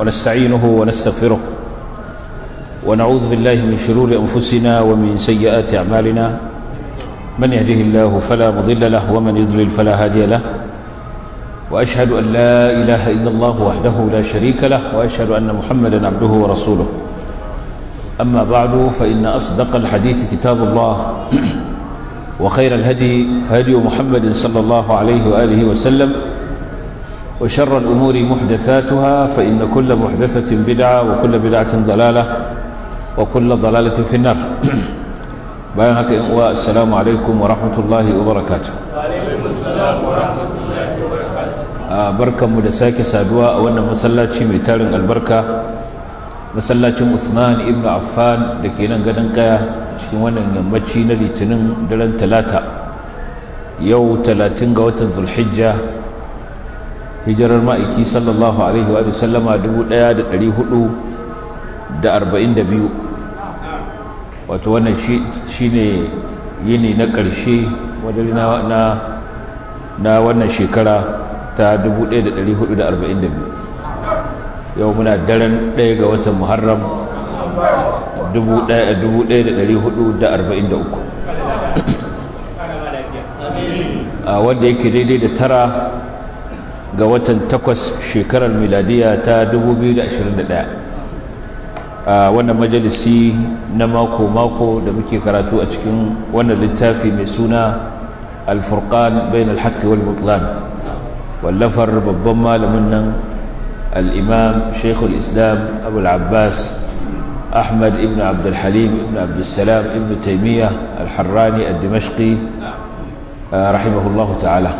ونستعينه ونستغفره ونعوذ بالله من شرور أنفسنا ومن سيئات أعمالنا من يهده الله فلا مضل له ومن يضلل فلا هادي له وأشهد أن لا إله إلا الله وحده لا شريك له وأشهد أن محمدا عبده ورسوله أما بعد فإن أصدق الحديث كتاب الله وخير الهدي هدي محمد صلى الله عليه وآله وسلم وشر الأمور محدثاتها فإن كل محدثة بدعة وكل بدعة ضلالة وكل ضلالة في النار بيانك والسلام عليكم ورحمة الله وبركاته وعليكم السلام ورحمة الله وبركاته بركة مدساك سادوا وأن مسلاتي ميتارن البركة masallacin Usman ibn Affan da ke nan gadon kaya cikin wannan yammaci na litinin daren talata yau talatin ga watan Zulhijja hijirar ma'aiki sallallahu alaihi wa sallama biyu. wato wannan shi ne yini na ƙarshe wadari na wannan shekara ta dubu da da da arba'in biyu. yau muna daren ɗaya ga watan muharram dubu da da da arba'in uku. A wanda yake daidai da tara ga watan takwas shekarar miladiya ta 2021 a wannan majalisi na mako-mako da muke karatu a cikin wannan littafi mai suna alfurkan bayan alhaƙi wal mutlan wallafar babban malamin nan al'imam shekul islam abul abbas ahmad ibn abdulhalim ibn abdulsalam ibn taimiyya alharrani al-dimashqi rahimahullahu ta'ala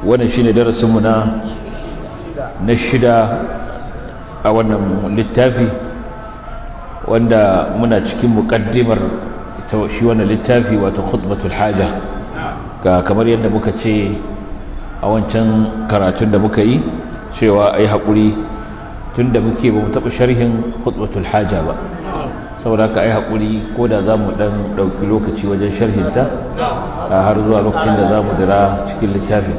wannan shine darasinmu na na shida a wannan littafi wanda muna cikin muƙaddimar shi wannan littafi wato khutbatul haja ga kamar yadda muka ce a wancan karatun da muka yi cewa ai haƙuri tun da muke ba mu taɓa sharhin khutbatul haja ba saboda haka ai haƙuri ko da za mu ɗan ɗauki lokaci wajen sharhinta har zuwa lokacin da za mu dira cikin littafin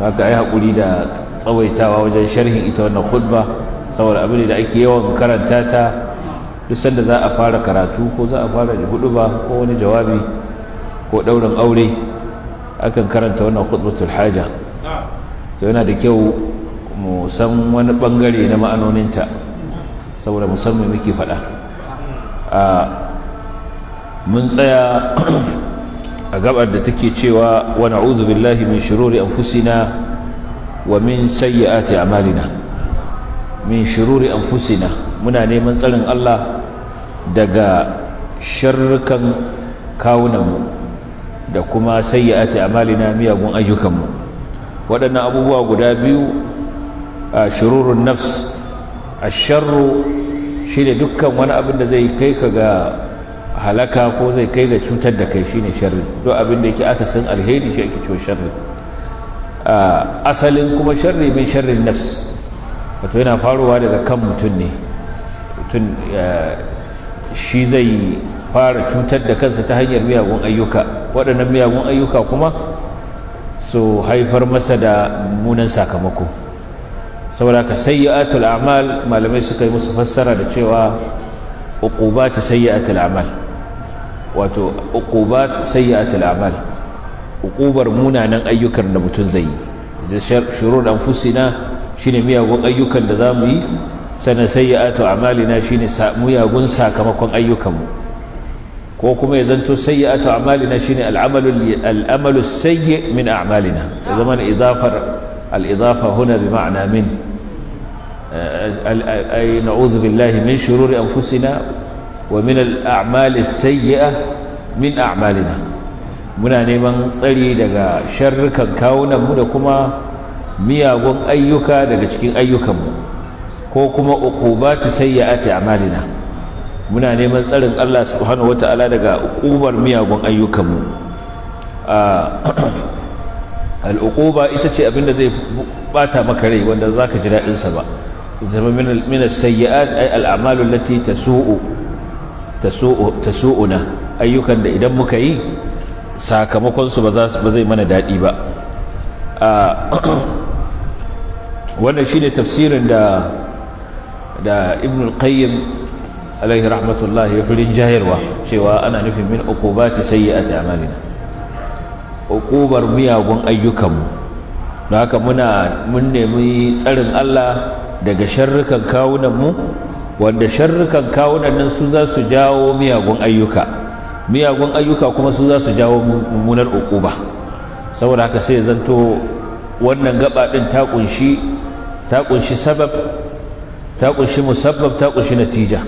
haka ai hakuri da tsawaitawa wajen sharhin ita wannan khutba saboda abin da ake yawan karanta ta duk sanda za a fara karatu ko za a fara huduba ko wani jawabi ko daurin aure akan karanta wannan khutbatul haja to yana da kyau mu san wani bangare na ma'anoninta saboda me muke faɗa mun tsaya a gabar da take cewa wa na'udhu billahi min shururi anfusina wa min sayyiati a'malina min shururi anfusina muna neman tsarin Allah daga sharrukan kawunanmu da kuma sayyiati a'malina miyagun ayyukanmu waɗannan abubuwa guda biyu a shururun nafs a sharru shi dukkan wani abin da zai kai ka ga halaka ko zai kai ga cutar da kai shine sharri duk abin da yake aka san alheri shi ake cewa sharri asalin kuma sharri min sharri nafs wato yana faruwa daga kan mutum ne mutum shi zai fara cutar da kansa ta hanyar miyagun ayyuka waɗannan miyagun ayyuka kuma su haifar masa da munan sakamako saboda ka sayyatul a'mal malamai suka yi musu fassara da cewa uqubati sayyatul a'mal wato uqubat sayyi'atul a'mal ukubar munanan ayyukan da mutum zai yi shurur anfusina shine miyagun ayyukan da zamu yi sannan sayyi'atu a'malina shine miyagun sakamakon ayyukanmu ko kuma ya zanto sayyi'atu a'malina shine al'amalu al'amalu sayyi min a'malina ya zama idafar al-idafa huna bi ma'na min eh, ay na'udhu billahi min shururi anfusina ومن الأعمال السيئة من أعمالنا muna neman tsari daga sharrukan kawunanmu da kuma miyagun ayyuka daga cikin ayyukanmu ko kuma uqubati sayyi'ati a'malina muna neman tsarin Allah subhanahu wata'ala daga uqubar miyagun ayyukanmu al'uquba ita ce abin da zai bata maka rai wanda zaka ji daɗinsa ba zama min as-sayyi'at ay al-a'malu allati tasu'u tasu'una ayyukan da idan muka yi sakamakonsu ba zai mana daɗi ba wannan shine tafsirin da da ibn al-qayyim alaihi rahmatullahi ya firin jayarwa cewa ana nufin min sai sayyi'ati amalina uqubar miyagun ayyukanmu don haka muna mun nemi tsarin Allah daga sharrukan kawunanmu wanda sharrukan kawunan nan su za su jawo miyagun ayyuka miyagun ayyuka kuma su za su jawo mummunar uquba saboda haka sai zanto wannan gaba din ta kunshi ta kunshi sabab ta kunshi musabbab ta kunshi natija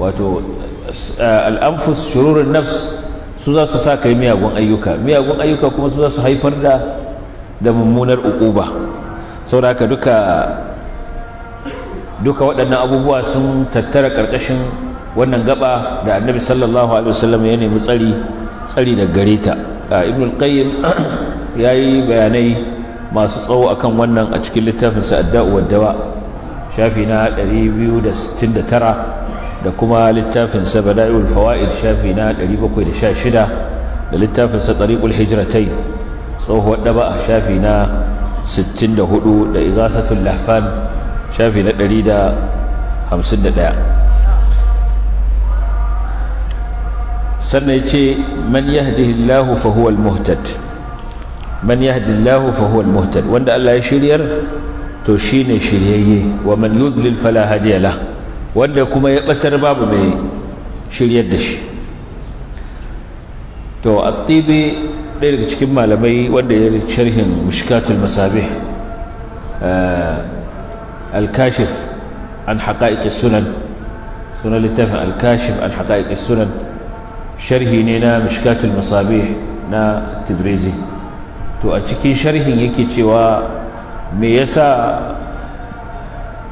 wato eh, al'amfus shururun nafs su za su sa kai miyagun ayyuka miyagun ayyuka kuma su za su haifar da da mummunar uquba saboda haka duka duka waɗannan abubuwa sun tattara ƙarƙashin wannan gaba da annabi sallallahu alaihi wasallam ya nemi tsari tsari da gare ta ibn al-qayyim yayi bayanai masu tsawo akan wannan a cikin littafin sa adda'u wad dawa shafi na 269 da kuma littafin sa bada'ul fawaid shafi na 716 da littafin sa tariqul hijratain tsohuwar daba shafi na 64 da igasatul lahfan shafi na 151 sannan yace man yahdihillahu fa huwa almuhtad man yahdihillahu fa huwa almuhtad wanda Allah ya shiryar to shine shiryayye wa man yudlil fala hadiya la wanda kuma ya batar babu mai shiryar da shi to attibi ɗaya daga cikin malamai wanda ya yi sharhin mushkatul masabih eh, alkashif an haƙa'iƙi sunan sunan littafin alkashif an haƙa'iƙi sunan sharhi ne na mishkatul musabe na tibrizi to a cikin sharhin yake cewa me yasa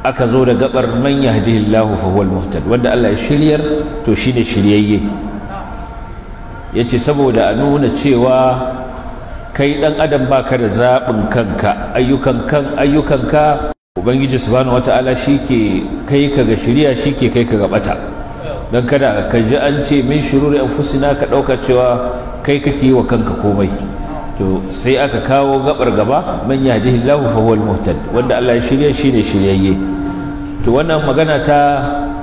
aka zo da gaɓar man yahdihillahu fa huwal muhtad wanda Allah ya shiryar to shine shiryayye yace saboda a nuna cewa kai dan adam ba ka da zaɓin kanka ayyukan ka. ubangiji subhanahu wata'ala shi ke kai ka ga shirya shi ke kai ka ga bata don kada ka ji an ce min shiruri an fusina ka ɗauka cewa kai ka ke yi wa kanka komai to sai aka kawo gabar gaba man yahdihillahu fa huwal muhtad wanda Allah ya shirya shi ne shiryayye to wannan magana ta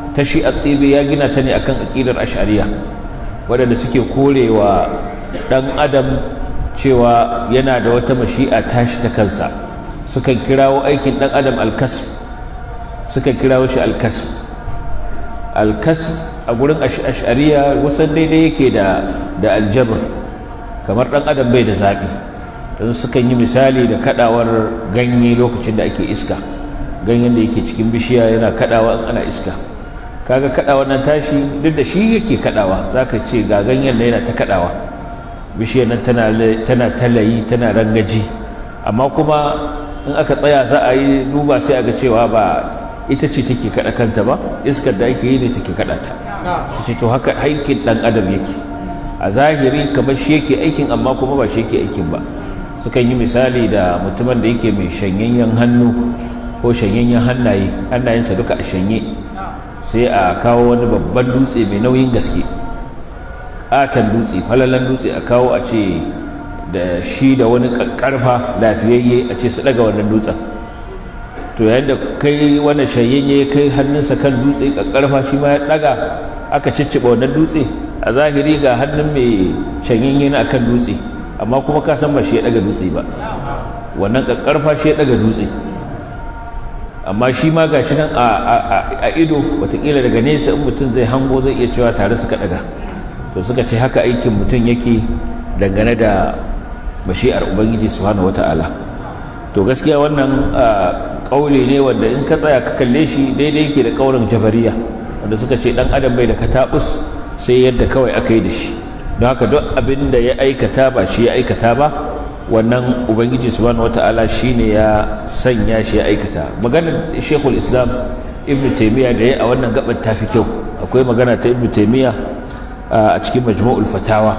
ta shi atibi ya gina ta ne akan aqidar ash'ariyya waɗanda suke korewa dan adam cewa yana da wata mashi'a tashi ta kansa suka kirawo aikin ɗan adam alkasb suka kirawo shi a gurin ash'ariya wasan daidai yake da da aljabar kamar ɗan adam bai da zaɓi don sukan yi misali da kaɗawar ganye lokacin da ake iska ganyen da yake cikin bishiya yana kaɗawa in ana iska kaga kaɗawa nan tashi duk da shi yake kaɗawa za ka ce ga ganyen da yana ta kaɗawa bishiyar nan tana talayi tana rangaji amma kuma in aka tsaya za a yi duba sai a ga cewa ba ita ce take kaɗa kanta ba iskar da ake yi ne take kaɗa ta su ce to haka aikin ɗan adam yake a zahiri kamar shi yake aikin amma kuma ba shi yake aikin ba sukan yi misali da mutumin da yake mai shanyayyen hannu ko shanyayyen hannaye hannayensa duka a shanye sai a kawo wani babban dutse mai nauyin gaske ƙaton dutse falalan dutse a kawo a ce da shi da wani karfa lafiyayye a ce su daga wannan dutsen to yadda kai wannan shayayye kai hannunsa kan dutse karfa shi ma ya daga aka cicciba wannan dutse a zahiri ga hannun mai shayayye na kan dutse amma kuma ka san ba shi ya daga dutse ba wannan karfa shi ya daga dutse amma shi ma gashi nan a ido watakila daga nesa in mutum zai hango zai iya cewa tare suka daga to suka ce haka aikin mutum yake dangane da mashi'ar ubangiji subhanahu wata'ala to gaskiya wannan kauli ne wanda in ka tsaya ka kalle shi daidai yake da kaurin jabariya wanda suka ce dan adam bai da katabus sai yadda kawai aka yi da shi don haka duk abin da ya aikata ba shi ya aikata ba wannan ubangiji subhanahu wata'ala shine ya sanya shi ya aikata maganar shekul islam ibn taimiyya da ya a wannan gabar ta fi kyau akwai magana ta ibn taimiyya a cikin majmu'ul fatawa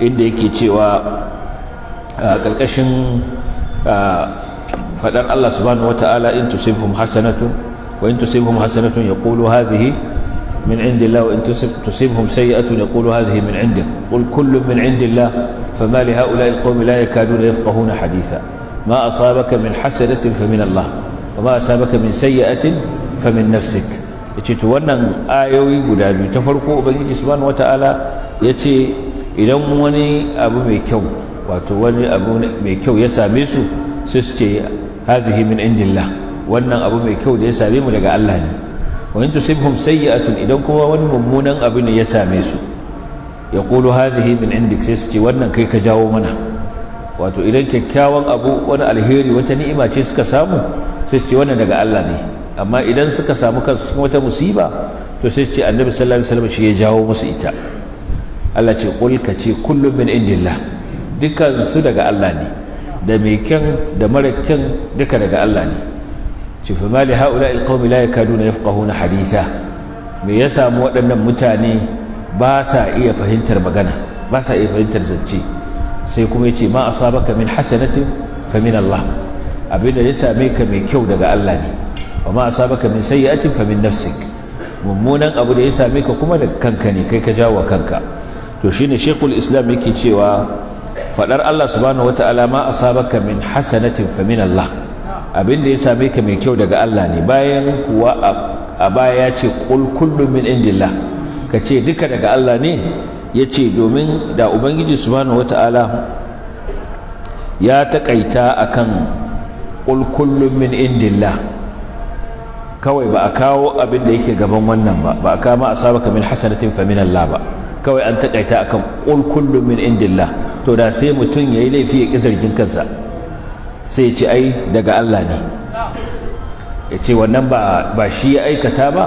inda yake cewa a ƙarƙashin faɗar Allah subhanahu ta'ala in tusibhum hasanatun wa in tusibhum hasanatun yaqulu hadhihi من عند الله وإن تصيبهم سيئة min هذه من عندك قل كل من عند الله فما لهؤلاء القوم لا يكادون يفقهون min ما fa min allah فمن الله وما min من سيئة فمن نفسك yace to wannan ayoyi guda biyu ta farko ubangiji subhanahu ta'ala yace idan wani abu mai kyau wato wani abu mai kyau ya same su su ce hadhihi min indillah wannan abu mai kyau da ya same mu daga Allah ne wa in tusibhum sayyi'atun idan kuma wani mummunan abu ne ya same su yaqulu hadhihi min indik sai su ce wannan kai ka jawo mana wato idan kyakkyawan abu wani alheri wata ni'ima ce suka samu sai su ce wannan daga Allah ne amma idan suka samu kansu cikin wata musiba to sai su ce annabi sallallahu alaihi wasallam shi ya jawo musu ita Allah ce qul ka ce kullum min indillah dukansu daga Allah ne da mai kyan da mara kyan duka daga Allah ne ce fa mali haula alqawmi la yakaduna na haditha me ya samu waɗannan mutane ba sa iya fahimtar magana ba sa iya fahimtar zance sai kuma ya ce ma asabaka min hasanatin fa min Allah abin da ya same ka mai kyau daga Allah ne wa ma asabaka min sayyi'atin fa min nafsik mummunan abu da ya same ka kuma daga kanka ne kai ka jawo kanka to shine shekul islam yake cewa Faɗar Allah subhanahu ta'ala ma asabaka min hasanatin fa min Allah abinda ya same ka mai kyau daga Allah ne bayan kuwa a baya ya ce qul kullun min indillah ka ce duka daga Allah ne ya ce domin da ubangiji subhanahu ta'ala ya takaita akan qul kullun min indillah kawai ba a kawo abin da yake gaban wannan ba ba a kama asabaka min hasanatin fa min Allah ba kawai an takaita akan qul kullun min indillah to da sai mutum ya yi laifi ya ƙi zargin kansa sai ce ai daga Allah ne ya ce wannan ba shi ya aikata ba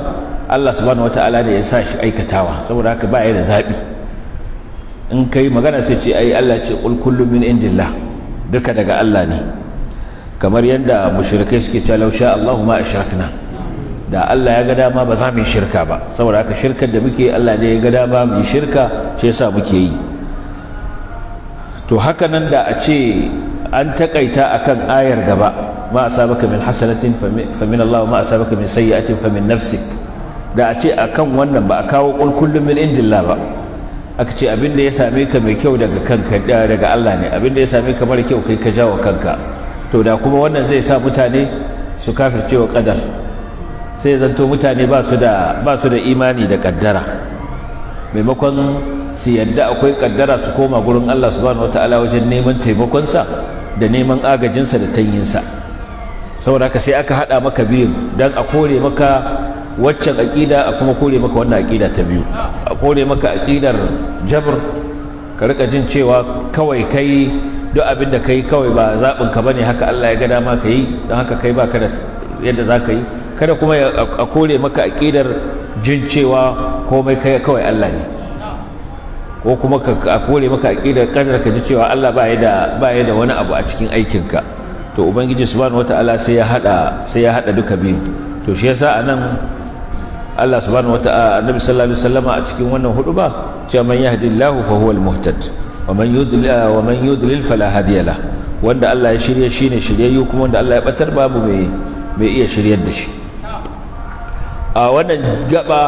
Allah subhanahu wata'ala ne ya sa shi aikatawa saboda haka ba ya da zaɓi in ka yi magana sai ce ai Allah ce ƙul min indillah duka daga Allah ne kamar yadda mushrikai suke cewa sha Allahu ma ashrakna da Allah ya ga dama ba za mu yi shirka ba saboda haka shirkar da muke Allah ne ya ga dama mu yi shirka shi yasa muke yi to haka nan da a ce an takaita akan ayar gaba ma asabaka min hasanatin famin Allah ma asabaka min sayyi'atin famin nafsik da a ce kan wannan ba a kawo kul kullum min indillah ba aka ce abin da ya same ka mai kyau daga kanka daga Allah ne abin da ya same ka mara kyau kai ka jawo kanka to da kuma wannan zai sa mutane su kafirce wa kadar sai zanto mutane ba su da ba su da imani da kaddara maimakon su yadda akwai kaddara su koma gurin Allah subhanahu ta'ala wajen neman taimakonsa da neman agajinsa da tanyinsa saboda haka sai aka haɗa maka biyu don a kore maka waccan aƙida a kuma kore maka wannan aƙida ta biyu a kore maka aƙidar jabr ka rika jin cewa kawai kai duk abin da kai kawai ba zaɓin ka bane haka Allah ya ga dama ka yi don haka kai ba ka da yadda za ka yi kada kuma a kore maka aƙidar jin cewa komai kai kawai Allah ne ko kuma a kore maka aƙidar ƙadar ka ji cewa Allah ba ya da wani abu a cikin aikinka to ubangiji subhanahu wata'ala sai ya hada sai ya hada duka biyu to shi yasa anan Allah subhanahu wata'ala annabi sallallahu alaihi wasallama a cikin wannan huduba cewa man yahdillahu fa huwal muhtad wa man yudlil wa man yudlil fala hadiya la wanda Allah ya shirye shine shiryayyu kuma wanda Allah ya batar babu mai mai iya shiryar da shi a wannan gaba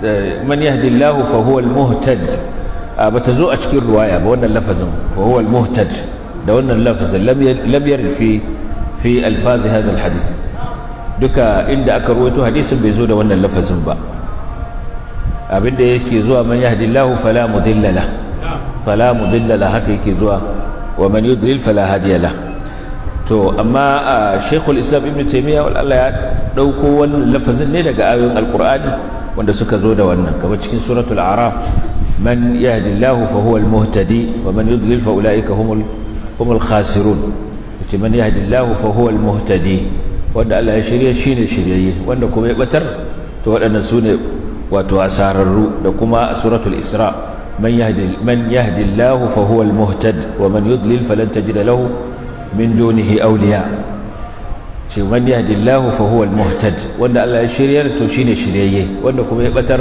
eh, man yahdillahu fa huwal muhtad bata zo a cikin ruwaya ba wannan lafazin wa huwa al-muhtad da wannan lafazin lam yarid fi fi alfaz hadha al-hadith duka inda aka ruwaito hadisin bai zo da wannan lafazin ba abinda yake zuwa man yahdillahu fala mudilla la fala mudilla la haka yake zuwa wa man yudlil fala hadiya la to amma shaykhul islam ibn taymiya wal Allah ya dauko wannan lafazin ne daga ayoyin alkur'ani wanda suka zo da wannan kamar cikin suratul araf من يهدي الله فهو المهتدي ومن يضلل فأولئك هم هم الخاسرون من يهدي الله فهو المهتدي وأن الله يشري شين شريعي وأن كم يبتر وأن سنة وتؤسار الرو لكما سورة الإسراء من يهدي من يهدي الله فهو المهتد ومن يضلل فلن تجد له من دونه أولياء من يهدي الله فهو المهتد وأن الله يشري شين شريعي وأن كم يبتر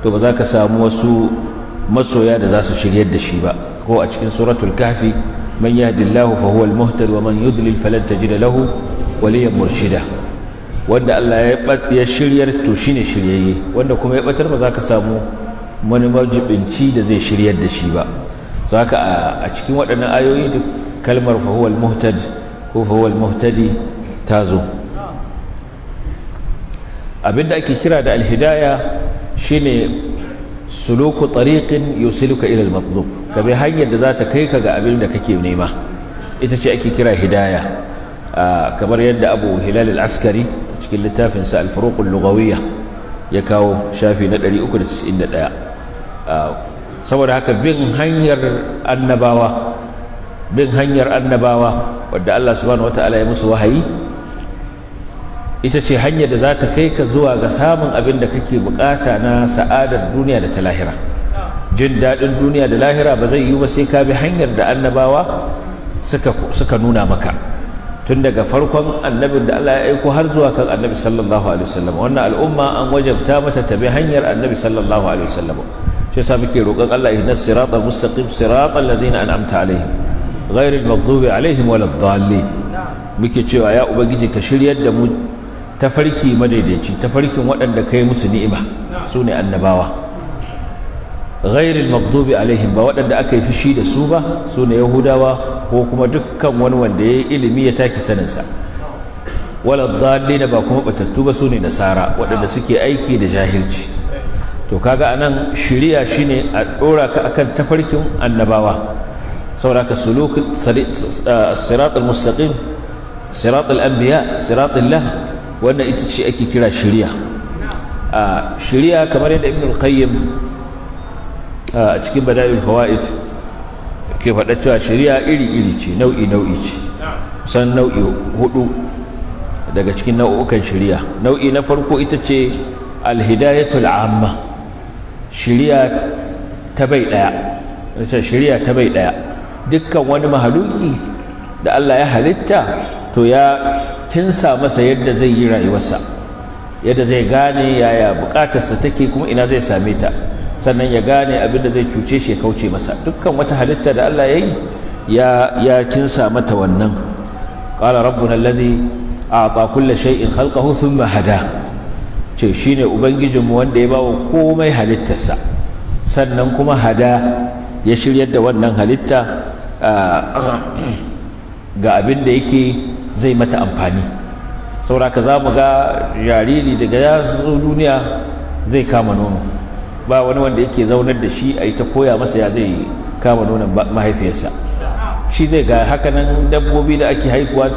to ba za ka samu wasu masoya da za su shiryar da shi ba ko a cikin suratul kahfi man yahdillahu fa huwa al-muhtad wa man yudlil falan tajida lahu waliyan murshida wanda Allah ya shiryar to shine shiryayye wanda kuma ya batar ba za ka samu wani majibinci da zai shiryar da shi ba so haka a cikin waɗannan ayoyi duk kalmar fa huwa al-muhtad ko fa huwa al-muhtadi ta zo abinda ake kira da alhidaya shine suluku tariqin yusiluka ila al-matlub ka bi hanyar da za ta kai ka ga abin da kake nema ita ce ake kira hidaya kamar yadda Abu Hilal al-Askari cikin littafin sa al-Furuq al-Lughawiyya ya kawo shafi na 391 saboda haka bin hanyar annabawa bin hanyar annabawa wadda Allah subhanahu wataala ya musu wahayi ita ce hanyar da za ta kai ka zuwa ga samun abin da kake bukata na sa'adar duniya da ta lahira jin daɗin duniya da lahira ba zai yi ba sai ka bi hanyar da annabawa suka nuna maka tun daga farkon annabin da Allah ya aiko har zuwa kan annabi sallallahu alaihi wasallam wannan al'umma an wajabta mata ta bi hanyar annabi sallallahu alaihi wasallam shi yasa muke roƙon Allah ihdinas siratal mustaqim siratal ladzina an'amta alaihim ghairil maghdubi alaihim waladdallin muke cewa ya ubangiji ka shiryar da mu tafarki madaidaici tafarkin waɗanda kai musu ni'ima su ne annabawa ghairil Maqdubi alaihim ba waɗanda aka yi fushi da su ba su ne yahudawa ko kuma dukkan wani wanda ya yi ilimi ya take saninsa wala ba kuma batattu ba su ne nasara waɗanda suke aiki da jahilci to kaga anan shiriya shine a ɗora ka akan tafarkin annabawa sauraka ka suluk sirat al-mustaqim sirat al-anbiya sirat lah. wannan ita ce ake kira shirya a shirya kamar yadda ibn al-qayyim a cikin bada'il fawaid ke faɗa cewa shirya iri-iri ce nau'i nau'i ce san nau'i hudu daga cikin nau'ukan shirya nau'i na farko ita ce alhidayatul amma shirya ta bai daya shirya ta bai daya dukkan wani mahaluki da Allah ya halitta to ya tinsa masa yadda zai yi rayuwarsa yadda zai gane yaya bukatarsa take kuma ina zai same ta sannan ya gane abin da zai cuce shi ya kauce masa dukkan wata halitta da Allah ya yi ya kinsa mata wannan qala rabbuna alladhi a'ta kulla shay'in khalqahu thumma hada ce shine ubangijinmu wanda ya bawa komai halittarsa sannan kuma hada ya shiryar da wannan halitta ah, ga abin da yake zai mata amfani sauraka za mu ga jariri daga ya zo duniya zai kama nono ba wani wanda yake zaunar da shi a yi ta koya masa ya zai kama nonon mahaifiyarsa shi zai ga hakanan dabbobi da ake haifuwa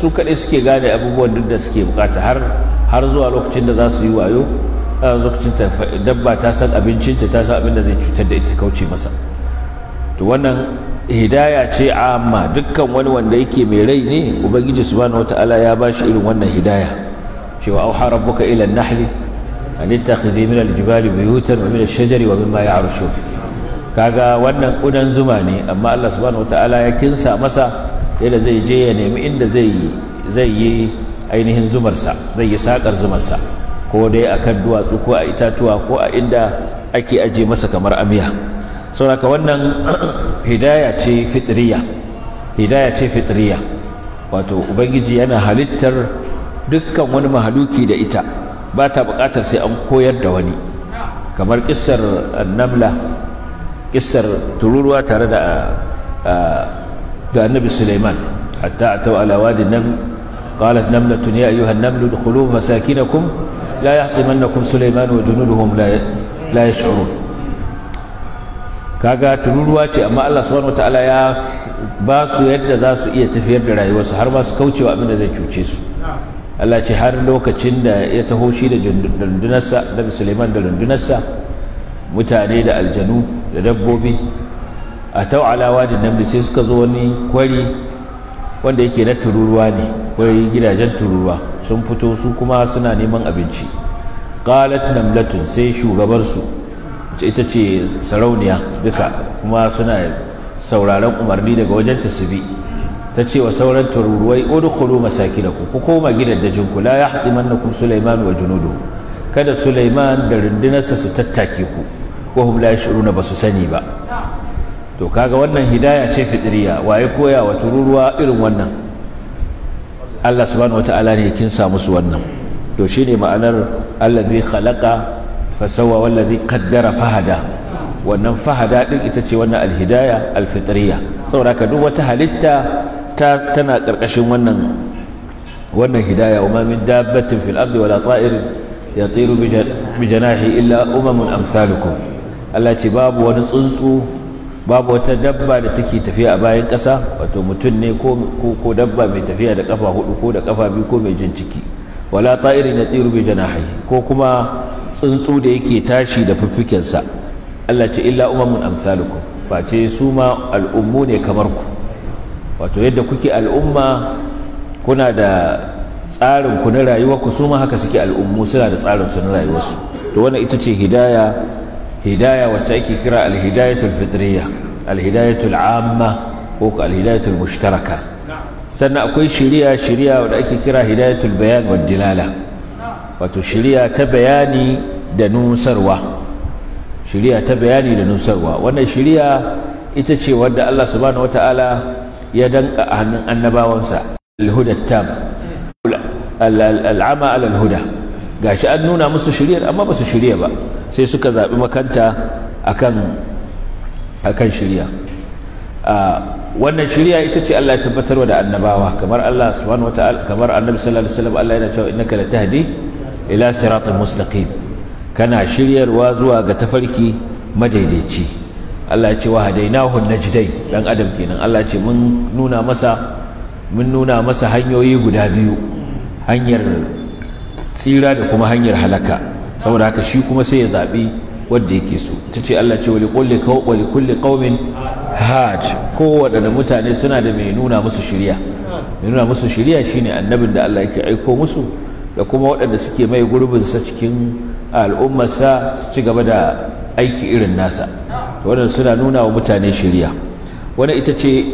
su kaɗai suke gane abubuwan duk da suke bukata har zuwa lokacin da za su yi wayo lokacin dabba ta san abincinta ta san abin da zai cutar da ita kauce masa to wannan hidaya ce amma dukkan wani wanda yake mai rai ne ubangiji subhanahu wata'ala ya ba shi irin wannan hidaya cewa auha rabbuka ila nahli an ittakhidhi min aljibali buyutan wa min ashjari wa mimma ya'rushu kaga wannan kudan zuma ne amma Allah subhanahu wata'ala ya kinsa masa yadda zai je ya nemi inda zai zai yi ainihin zumarsa zai yi sakar zumarsa ko dai akan duwatsu ko a itatuwa ko a inda ake aje masa kamar amiya saboda wannan hidaya ce fitriya hidaya ce fitriya wato ubangiji yana halittar dukkan wani mahaluki da ita ba ta bukatar sai an koyar da wani kamar kissar namla kissar tururuwa tare da da annabi suleiman hatta a atau ala wadi nam قالت نملة يا أيها النمل ادخلوا مساكنكم لا يحطمنكم سليمان وجنودهم لا لا يشعرون kaga tururuwa ce amma Allah subhanahu wataala ya ba su yadda za su iya tafiyar da rayuwarsu har ma su kaucewa abin da zai cuce su Allah ce har lokacin da ya taho shi da rundunarsa da Suleiman da rundunarsa mutane da aljanu da dabbobi a tau alawa da namdi sai suka zo wani kwari wanda yake na tururuwa ne kwai gidajen tururuwa sun fito su kuma suna neman abinci qalat namlatun sai shugabarsu ita ce sarauniya duka kuma suna sauraron umarni daga wajen ta su bi ta ce wa sauran tururuwai udkhulu da ku koma gidajen ku la yahdimannakum sulaiman wa junudu kada sulaiman da rundunarsa su tattake ku wa hum la yashuruna ba sani ba to kaga wannan hidaya ce fitiriya waye koya wa tururuwa irin wannan Allah subhanahu wataala ne kin sa musu wannan to shine ma'anar allazi khalaqa fasawa wallazi qaddara fahada wannan fahada din ita ce wannan alhidaya alfitriya saboda ka duk wata halitta ta tana karkashin wannan wannan hidaya wa ma min dabbatin fil ardi wala ta'irin yatiru bi janahi illa umamun amsalukum Allah ce babu wani tsuntsu babu wata dabba da take tafiya a bayan ƙasa wato mutum ne ko dabba mai tafiya da kafa hudu ko da kafa biyu ko mai jin ciki wala ta'irin yatiru bi janahi ko kuma tsuntsu da yake tashi da fiffikensa Allah ce illa umamun amsalukum face su ma al'ummu ne kamar ku wato yadda kuke al'umma kuna da tsarin ku na rayuwa ku su ma haka suke al'ummu suna da tsarin su na rayuwarsu to wannan ita ce hidaya hidaya wacce ake kira alhidayatul fitriya alhidayatul amma ko alhidayatul mushtaraka sannan akwai shiriya shiriya wadda ake kira hidayatul bayan wa dilala wato shiriya ta bayani da nusarwa shiriya ta bayani da nusarwa wannan shiriya ita ce wadda Allah subhanahu wata'ala ya danka a hannun annabawansa alhuda tam al'ama alhuda gashi an nuna musu shirya amma ba su shiriya ba sai suka zaɓi makanta akan akan shiriya wannan shiriya ita ce Allah ya tabbatar da annabawa kamar Allah subhanahu wata'ala kamar annabi sallallahu alaihi wasallam Allah yana cewa innaka latahdi ila siratul mustaqim kana shiryarwa zuwa ga tafarki madaidaici Allah ya ce wa hadainahu najdai dan adam kenan Allah ya ce mun nuna masa mun nuna masa hanyoyi guda biyu hanyar tsira da kuma hanyar halaka saboda haka shi kuma sai ya zabi wanda yake so ta ce Allah ce wali kulli wali kulli qaumin had kowaɗanne mutane suna da mai nuna musu shiriya mai nuna musu shiriya shine annabin da Allah yake aiko musu da kuma waɗanda suke mai gurbinsa cikin al'ummarsa su ci gaba da aiki irin nasa waɗanda suna nuna wa mutane shirya wani ita ce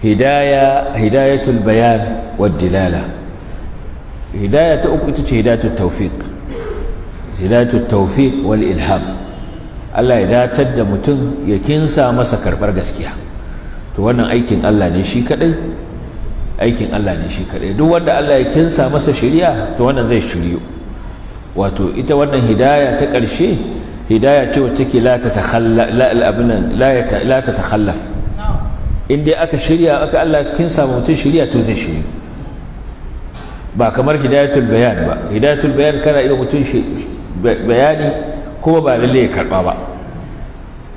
hidaya hidayatul bayan wa dilala hidaya ta uku ita ce hidayatul tawfiq hidayatul tawfiq wal ilham Allah ya datar da mutum ya kinsa masa karɓar gaskiya to wannan aikin Allah ne shi kaɗai aikin Allah ne shi kaɗai duk wanda Allah ya kinsa masa shirya to wannan zai shiryo wato ita wannan hidaya ta ƙarshe hidaya ce wacce take la ta takhallaf in dai aka shirya aka Allah kinsa mutum shirya to zai shiryo ba kamar hidayatul bayan ba hidayatul bayan kana iya mutum bayani kuma ba lalle ya karɓa ba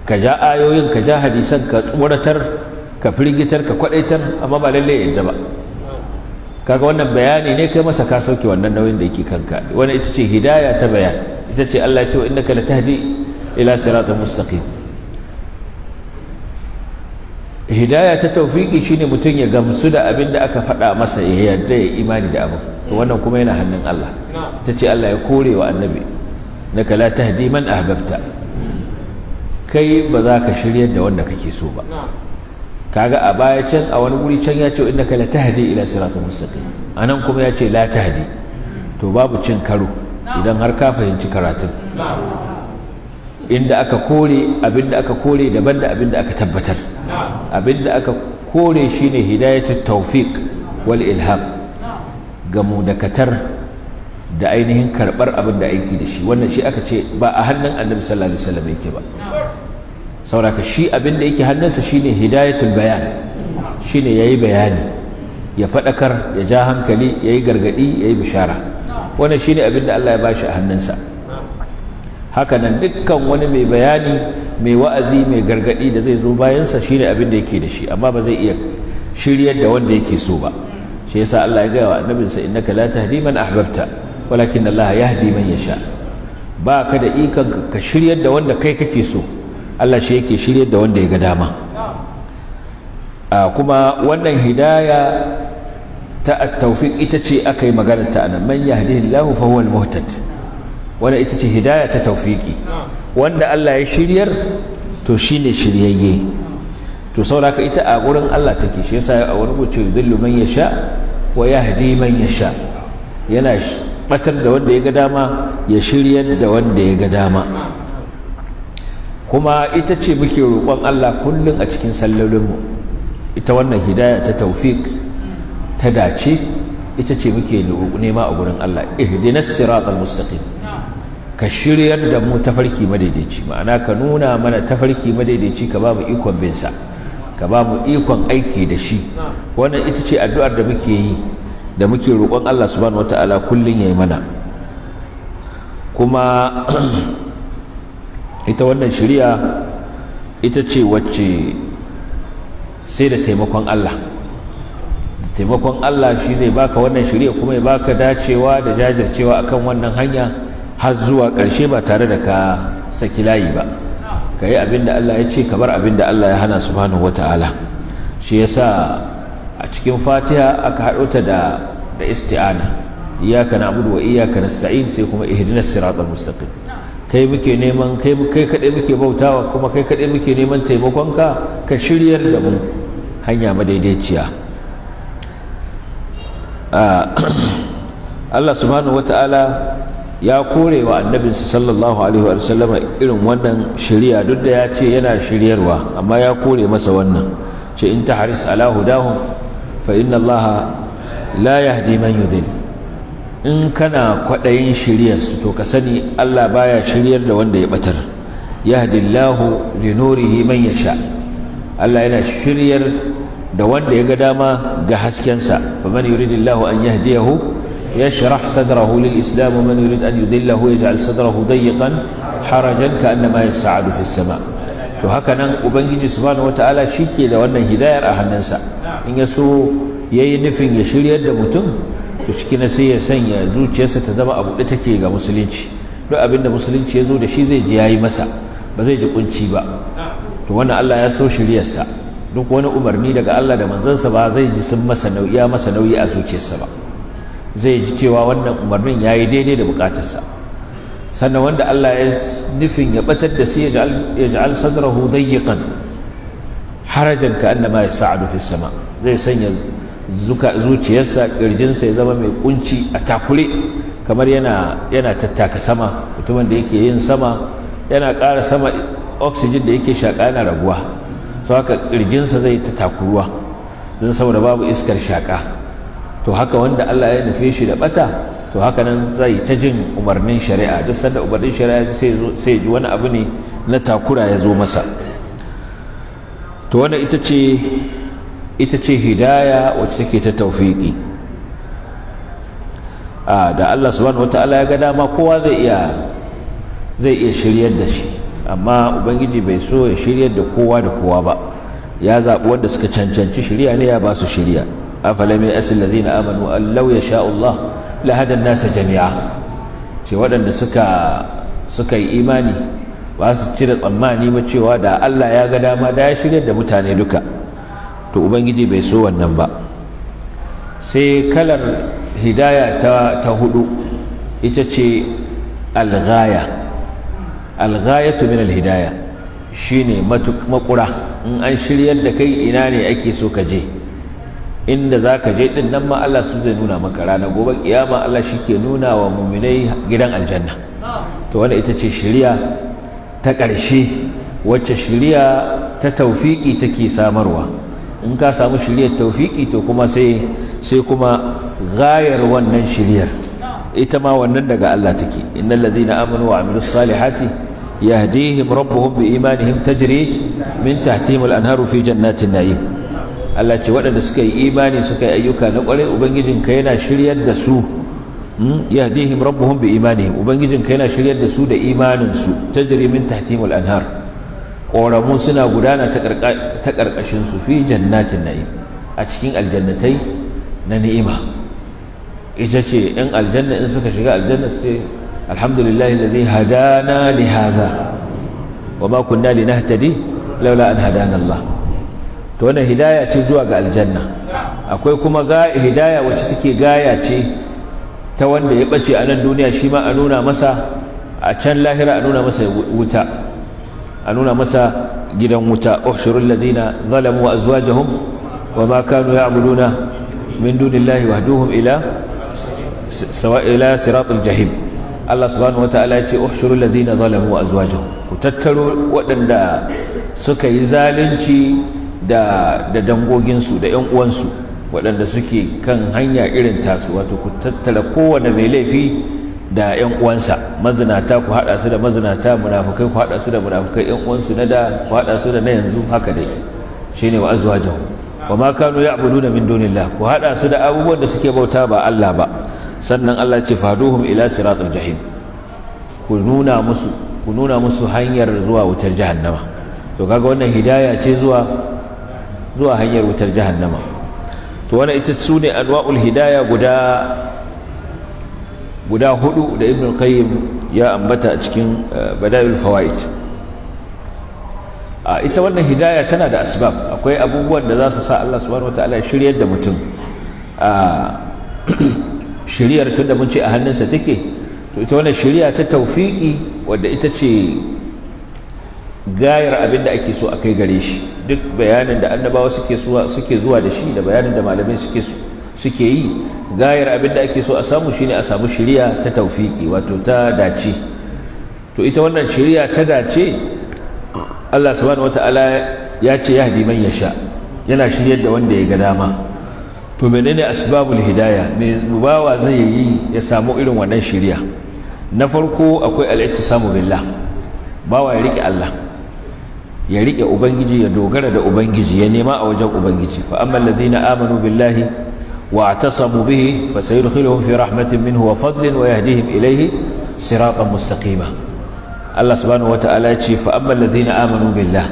ka ja ayoyin ka ja hadisan ka tsoratar ka firgitar ka kwadaitar amma ba lallai yadda ba kaga wannan bayani ne kai masa ka sauke wannan nauyin da yake kanka wani ita ce hidaya ta bayan ita ce Allah ya ce innaka latahdi ila siratal mustaqim hidaya ta tawfiki shine mutum ya gamsu da abin da aka faɗa masa ya yarda ya imani da abin to wannan kuma yana hannun Allah ita ce Allah ya kore wa annabi naka la tahdi man ahbabta kai ba za ka shiryar da wanda kake so ba kaga a baya can a wani wuri can ya ce ka la tahdi ila siratal mustaqim anan kuma ya ce la tahdi to babu cin karo idan har ka fahimci karatun inda aka kore abinda aka kore daban da abinda aka tabbatar abinda aka kore shine hidayatul tawfiq wal ilham ga mu dakatar da ainihin karbar abinda da aiki da shi wannan shi aka ce ba a hannun annabi sallallahu alaihi wasallam yake ba sauraka shi abin da yake hannunsa shine hidayatul bayan shine yayi bayani ya faɗakar ya ja hankali yayi gargadi gargaɗi bishara wannan shine abin da Allah ya bashi a hannunsa haka nan dukkan wani mai bayani mai wa'azi mai gargaɗi da zai zo bayansa shine abin da yake da shi amma ba zai iya shiryar da wanda yake so ba shi yasa Allah ya gaya wa annabinsa innaka la tahdi man ahbabta walakin Allah yahdi man yasha ba ka da ikon ka shiryar da wanda kai kake so Allah shi yake shirye da wanda ya ga dama kuma wannan hidaya ta tawfiq ita ce aka yi magana ta anan man yahdihillahu fa huwa al wannan ita ce hidaya ta tawfiqi wanda Allah ya shiryar to shine shiryayye to sauraka ita a gurin Allah take shi yasa a wani guce dillu man yasha wa yahdi man yasha yana batar da wanda ya ga dama ya shiryar da wanda ya ga dama kuma ita ce muke roƙon Allah kullum a cikin sallolinmu ita wannan hidaya ta taufik ta dace ita ce muke nema a gurin Allah ihdinas siratal mustaqim ka shiryar da mu tafarki madaidaici ma'ana ka nuna mana tafarki madaidaici ka ba mu ikon bin ka ba mu ikon aiki da shi wannan ita ce addu'ar da muke yi da muke roƙon Allah subhanahu wataala kullum ya yi mana kuma ita wannan shari'a ita ce wacce sai da taimakon Allah taimakon Allah shi zai baka wannan shari'a kuma ya baka dacewa da jajircewa akan wannan hanya har zuwa ƙarshe ba tare da ka saki layi ba ka yi abin da Allah ya ce ka bar abinda Allah ya hana subhanahu wata'ala shi yasa a cikin fatiha aka haɗo ta da da isti'ana iyyaka na'budu wa iyyaka nasta'in sai kuma ihdinas siratal mustaqim kai muke neman kai kaɗai muke bautawa kuma kai kaɗai muke neman taimakonka ka shiryar da mu hanya madaidaiciya ah, Allah subhanahu wata'ala ya kore wa annabinsa sallallahu alaihi wa sallama irin wannan shirya duk da ya ce yana shiryarwa amma ya kore masa wannan ce in ta haris ala hudahum fa inna allaha la yahdi man yudil in kana kwaɗayin shiryarsu to ka sani Allah baya shiryar da wanda ya batar yahdillahu li nurihi man yasha Allah yana shiryar da wanda ya ga dama ga haskensa faman yuridillahu an yahdiyahu yashrah sadrahu lil islam man yurid an yudillahu yaj'al sadrahu dayyqan harajan ka'annama yas'adu fis sama' to haka nan ubangiji subhanahu wataala shi ke da wannan hidayar a hannunsa in ya so ya yi nufin ya shiryar da mutum to cikin sai ya sanya zuciyarsa ta zama abu da take ga musulunci duk da musulunci ya zo da shi zai ji yayi masa ba zai ji kunci ba to wannan Allah ya so shiryarsa duk wani umarni daga Allah da manzansa ba zai ji sun masa nauyi ya masa nauyi a zuciyarsa ba zai ji cewa wannan umarnin ya yi daidai da bukatarsa sannan wanda Allah ya nufin ya batar da su ya al sadrahu dayyiqan harajan ka annama yas'adu fis sama zai sanya zuciyarsa ƙirjinsa ya zama mai kunci a takure kamar yana tattaka sama mutumin da yake yin sama yana ƙara sama oxygen da yake shaƙa yana raguwa sau haka ƙirjinsa zai ta takuruwa don saboda babu iskar shaƙa to haka wanda Allah ya nufe shi da bata to haka nan zai ta jin umarnin shari'a duk sanda umarnin shari'a sai ji wani abu ne na takura ya zo masa to wannan ita ce ita ce hidaya wacce take ta taufiki da Allah subhanahu wataala ya ga dama kowa zai iya zai iya shiryar da shi amma ubangiji bai so ya shiryar da kowa da kowa ba ya zaɓi wanda suka cancanci shirya ne ya ba su shirya mai yasil ladina amanu allau ya sha Allah la hadan nasa jami'a ce waɗanda suka suka yi imani ba su cire tsammani ba cewa da Allah ya ga dama da ya shiryar da mutane duka to ubangiji bai so wannan ba sai kalar hidaya ta, ta hudu ita ce alghaya alghayatu min alhidaya shine makura in an shiryar da kai ina ne ake so ka je inda za ka je din nan ma Allah su zai nuna maka rana gobe kiyama Allah shi ke nuna wa muminai gidan aljanna to wannan ita ce shirya ta ƙarshe wacce shirya ta taufiƙi take samarwa in ka samu shiryar taufiki to kuma sai kuma gayar wannan shiryar ita ma wannan daga Allah take innal ladina amanu wa amilus salihati yahdihim rabbuhum bi imanihim tajri min tahtihim al anharu fi jannatin na'im Allah ce waɗanda suka yi imani suka yi ayyuka na ƙwarai ubangijinka yana shiryar da su hmm, yahdihim rabbuhum bi imanihim ubangijinka yana shiryar da su da imanin su tajri min tahtihim al anhar ƙoramu suna gudana ta su fi jannatin na'im a cikin aljannatai na ni'ima ita ce 'yan aljanna in suka shiga aljanna su ce alhamdulillahi ladhi hadana li hadha wa ma kunna linahtadi laula an hadana Allah to wannan hidaya ce zuwa ga aljanna akwai kuma hidaya wacce take gaya ce ta wanda ya bace a nan duniya shi ma a nuna masa a can lahira a nuna masa wuta a nuna masa gidan wuta uhshurul ladina zalamu wa azwajahum wa ma kanu ya'buduna min dunillahi wahduhum ila sawa ila siratul jahim Allah subhanahu wa ta'ala ya ce uhshurul ladina zalamu wa azwajahum ku tattaro waɗanda suka yi zalunci da da dangoginsu da ƴan uwansu waɗanda suke kan hanya irin tasu wato ku tattara kowane mai laifi da yan uwansa mazinata ku hada su da mazinata munafukai ku hada su da munafukai yan uwansu na da ku hada su da na yanzu haka dai shine wa azwajahu wa ma kanu ya'buduna min dunillah ku hada su da abubuwan da suke bauta ba Allah ba sannan Allah ce faduhum ila siratul jahim ku nuna musu ku nuna musu hanyar zuwa wutar jahannama to kaga wannan hidaya ce zuwa zuwa hanyar wutar jahannama to wannan ita sune anwa'ul hidaya guda guda hudu da ibn qayyim ya ambata a cikin eh, bada'il fawaid a ita wannan hidaya tana da asbab akwai abubuwan da za su sa Allah subhanahu wataala ya shiryar da mutum a shiryar tun da mun ce a hannunsa take to ita wannan shirya ta taufiki wadda ita ce gayar abin da ake so a kai gare shi duk bayanin da annabawa suke zuwa da shi da bayanin da malamai suke so. suke yi gayar abin da ake so a samu shine a samu shiriya ta taufiki wato ta dace to ita wannan shiriya ta dace Allah subhanahu wataala ya ce yahdi man sha yana shiryar da wanda ya ga dama to menene asbabul hidaya me bawa zai yi ya samu irin wannan shiriya na farko akwai al-ittisamu billah bawa ya rike Allah ya rike ubangiji ya dogara da ubangiji ya nema a wajen ubangiji fa amma amanu billahi واعتصموا به فسيدخلهم في رحمة منه وفضل ويهديهم إليه صراطا مستقيما الله سبحانه وتعالى فأما الذين آمنوا بالله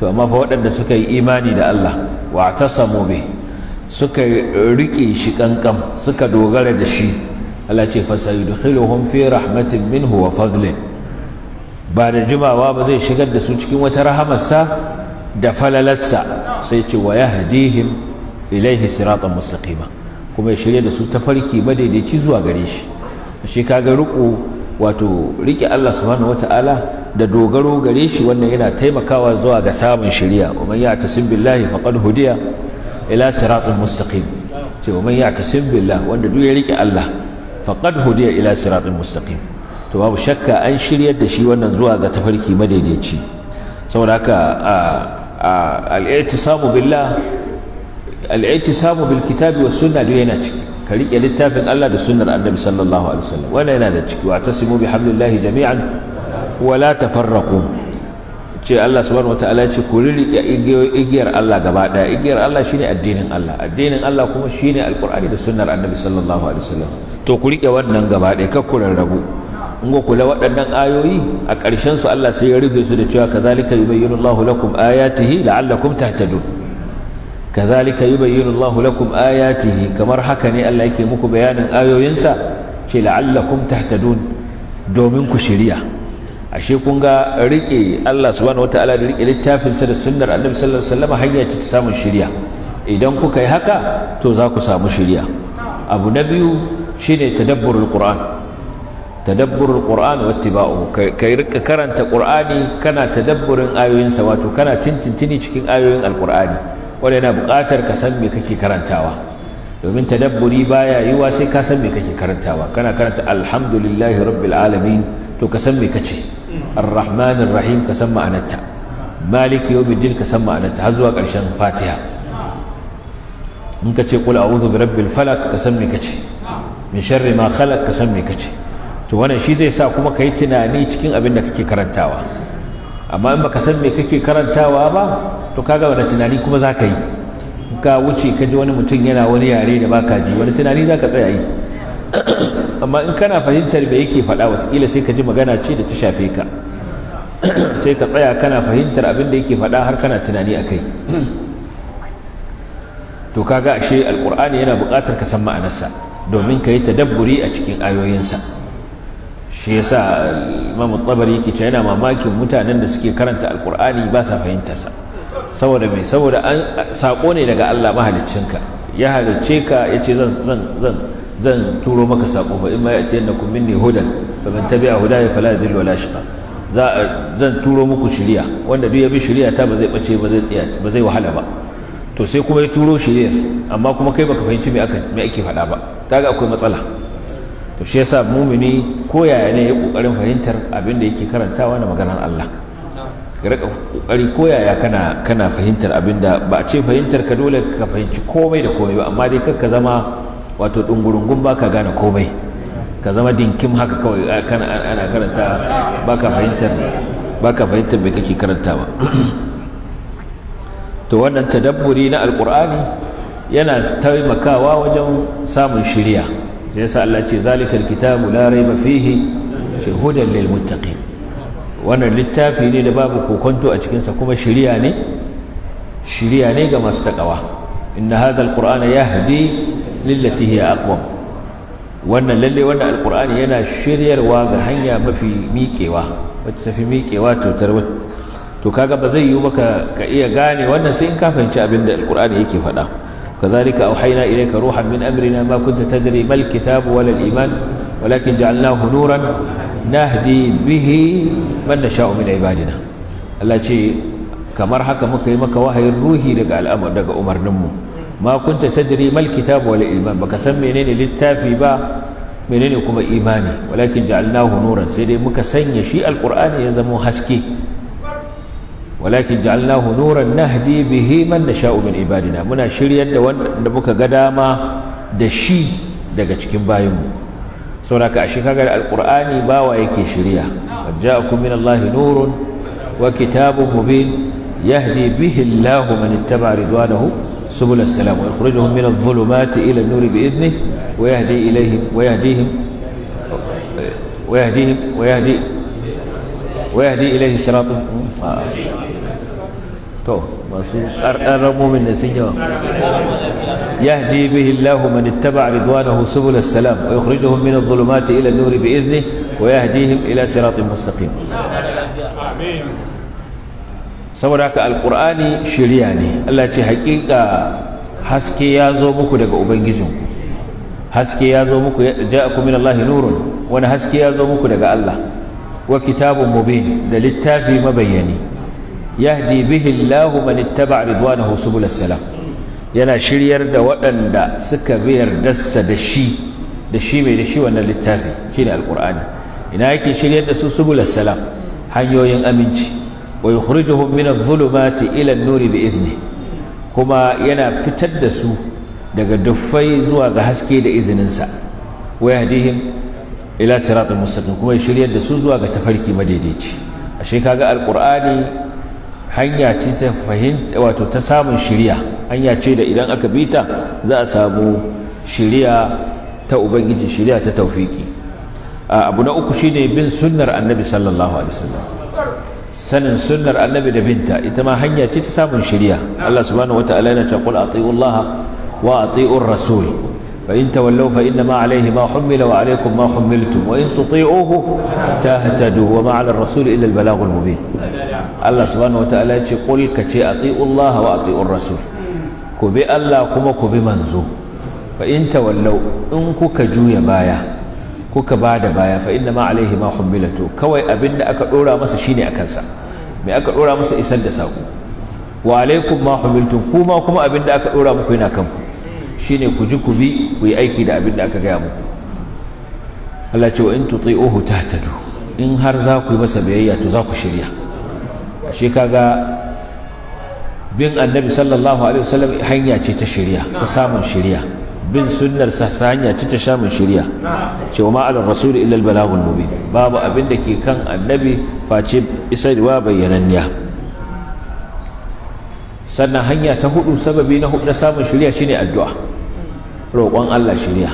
فأما فوضا سكي إيماني دا الله واعتصموا به سكي ركي شكنكم سكي دوغالة دشي الله فسيدخلهم في رحمة منه وفضل بعد الجمعة وابزي شكد سوچكي وترحم السا دفل لسا سيتي ويهديهم ilaihi siratan mustaqima kuma ya shirya da su tafarki madaidaici zuwa gare shi shi kaga riko wato rike Allah subhanahu wata'ala da dogaro gare shi wannan yana taimakawa zuwa ga samun shari'a wa man ya'tasim billahi faqad hudiya ila siratal mustaqim ce wa man ya'tasim billah wanda duk ya rike Allah faqad hudiya ila siratal mustaqim to babu shakka an shiryar da shi wannan zuwa ga tafarki madaidaici saboda haka al-i'tisamu billah al-i'tisamu bil kitabi was sunna duk yana ciki ka riƙe littafin Allah da sunnar annabi sallallahu alaihi wasallam wannan yana da ciki wa tasimu bi hablillahi jami'an wa la tafarraqu ce Allah subhanahu wataala ce ku riƙe igiyar Allah gaba daya igiyar Allah shine addinin Allah addinin Allah kuma shine alqur'ani da sunnar annabi sallallahu alaihi wasallam to ku riƙe wannan gaba daya kar ku rarrabu in ku kula waɗannan ayoyi a ƙarshen su Allah sai ya rufe su da cewa kazalika yubayyinu Allahu lakum ayatihi la'allakum tahtadun kazalika yubayyinu Allahu lakum ayatihi kamar haka ne Allah yake muku bayanin ayoyinsa ce la'allakum domin ku shirya ashe kun ga rike Allah subhanahu wataala da rike littafinsa da sunnar Annabi sallallahu alaihi hanya ce ta samun shirya idan kuka yi haka to za ku samu shirya. abu na biyu shine tadabburul qur'an tadabburul qur'an wa ittiba'uhu kai rika karanta qur'ani kana tadabburin ayoyinsa wato kana tintintini cikin ayoyin alqur'ani wanda yana buƙatar ka san me kake karantawa domin tadabburi baya yiwa sai ka san me kake karantawa kana karanta alhamdulillahi rabbil alamin to ka san me kace arrahmanir ka san ma'anarta maliki yawmiddin ka san ma'anarta har zuwa ƙarshen fatiha in ka ce qul a'udhu birabbil falaq ka san me kace min sharri ma khalaq ka san me kace to wannan shi zai sa kuma ka yi tunani cikin abin da kake karantawa amma in baka san me kake karantawa ba to kaga wani tunani kuma za ka yi ka wuce ka ji wani mutum yana wani yare da baka ji wani tunani za ka tsaya yi amma in kana fahimtar me yake faɗa watakila sai ka ji magana ce da ta shafe ka sai ka tsaya kana fahimtar abin da yake faɗa har kana tunani akai? to kaga ashe alkur'ani yana buƙatar ka san ma'anarsa domin ka yi tadabburi a cikin ayoyinsa shi yasa imam tabari yake cewa yana mamakin mutanen da suke karanta alkur'ani ba sa fahimtarsa saboda mai saboda an sako ne daga Allah mahaliccinka ya halicce ka ya ce zan zan zan zan turo maka sako fa imma ya'ti annakum minni hudan fa man tabi'a hudaya fala yadhillu wala yashqa zan turo muku shiriya wanda duk ya bi shiriya ta ba zai bace ba zai wahala ba to sai kuma ya turo shiriyar amma kuma kai baka fahimci mai ake faɗa ba kaga akwai matsala to shi yasa mumini ko yaya ne ya kokarin fahimtar abin da yake karantawa na maganar Allah ka rika kokari ko yaya kana kana fahimtar abin da ba a ce fahimtar ka dole ka fahimci komai da komai ba amma dai kar zama wato dungurungun ba ka gane komai ka zama dinkim haka kawai ana karanta ba ka fahimtar ba ka fahimtar me kake karantawa to wannan tadabburi na alkur'ani yana taimakawa wajen samun shirya sai sa Allah ce zalikal kitabu la raiba mafihi hudan lil muttaqin wannan littafi ne da babu kokonto a cikinsa kuma shiriya ne shiriya ne ga masu takawa inna hadha alqur'ana yahdi lillati hiya aqwam wannan lalle wannan alqur'ani yana shiryarwa ga hanya mafi miƙewa wacce tafi miƙewa totar to kaga ba zai yi maka ka iya gane wannan sai in ka fahimci abin da alqur'ani yake faɗa كذلك أوحينا إليك روحا من أمرنا ما كنت تدري ما الكتاب ولا الإيمان ولكن جعلناه نورا نهدي به من نشاء من عبادنا الله شيء kamar haka muka yi maka wahayin ruhi daga al'amur daga umarninmu ma kunta tadri mal kitab wal iman baka san menene littafi ba menene kuma imani walakin ja'alnahu nuran sai dai muka sanya shi alqur'ani ya zama haske walakin ja'alnahu nuran nahdi bihi man nasha'u min ibadina muna shiryar da wanda muka ga dama da shi daga cikin bayinmu saboda ka ashe kaga alqur'ani bawa yake shirya qad ja'akum min allahi nurun wa kitabun mubin yahdi bihi allahu man ittaba ridwanahu سبل السلام ويخرجهم to masu ƙarƙarar ne sun yawa يهدي به الله من اتبع رضوانه سبل السلام ويخرجهم من الظلمات إلى النور بإذنه ila إلى صراط مستقيم saboda alkur'ani shirya ne Allah ce hakika haske ya zo muku daga ubangijinku haske ya zo muku ja'akum min Allah nurun wani haske ya zo muku daga Allah wa kitabun mubin da littafi mabayyani yahdi bihi Allahu man ittaba ridwanahu subul salam yana shiryar da waɗanda suka bi yardarsa da shi da shi mai da shi wannan littafi shine alqur'ani ina yake shiryar da su subul salam hanyoyin aminci wa yukhrijuhum min adh-dhulumati ila an-nuri bi izini. kuma yana fitar da su daga duffai zuwa ga haske da izininsa wa yahdihim ila siratal mustaqim kuma ya shiryar da su zuwa ga tafarki madaidaici ashe kaga alqur'ani hanya ce ta fahimta wato ta samun shiriya hanya ce da idan aka bi ta za a samu shiriya ta ubangiji shiriya ta taufiki abu na uku shine bin sunnar annabi sallallahu alaihi wasallam sanin sunnar annabi da binta ita ma hanya ce ta samun shiriya Allah subhanahu wataala yana cewa qul atiiu wa atiiu rasul فإن تولوا فإنما عليه ما حمل وعليكم ما حملتم وإن تطيعوه تهتدوا وما على الرسول إلا البلاغ المبين الله سبحانه وتعالى قل كتي أطيعوا الله وأطيعوا الرسول كبي الله كما كبي منزو فإن تولوا إن كجو بايا كوكا بعد بايا فإنما عليه ما حملته كوي أبن أكا مسا شيني أكنسا مي أكا مسا إسان دساكو وعليكم ما حملتم كما كما أبن أكا مكوين أكنكم shine ku ji ku bi ku yi aiki da abin da aka gaya muku Allah ce wa in ta tahtadu in har za ku yi masa biyayya to za ku shirya ashe kaga bin annabi sallallahu alaihi wasallam hanya ce ta shirya ta samun shirya bin sunnar sa hanya ce ta samun shirya ce wa ma ala rasul illa al balagul mubin babu abin da ke kan annabi face isa isarwa bayyananniya sannan hanya ta hudu sababi na hudu na samun shirya shine addu'a roƙon Allah shirya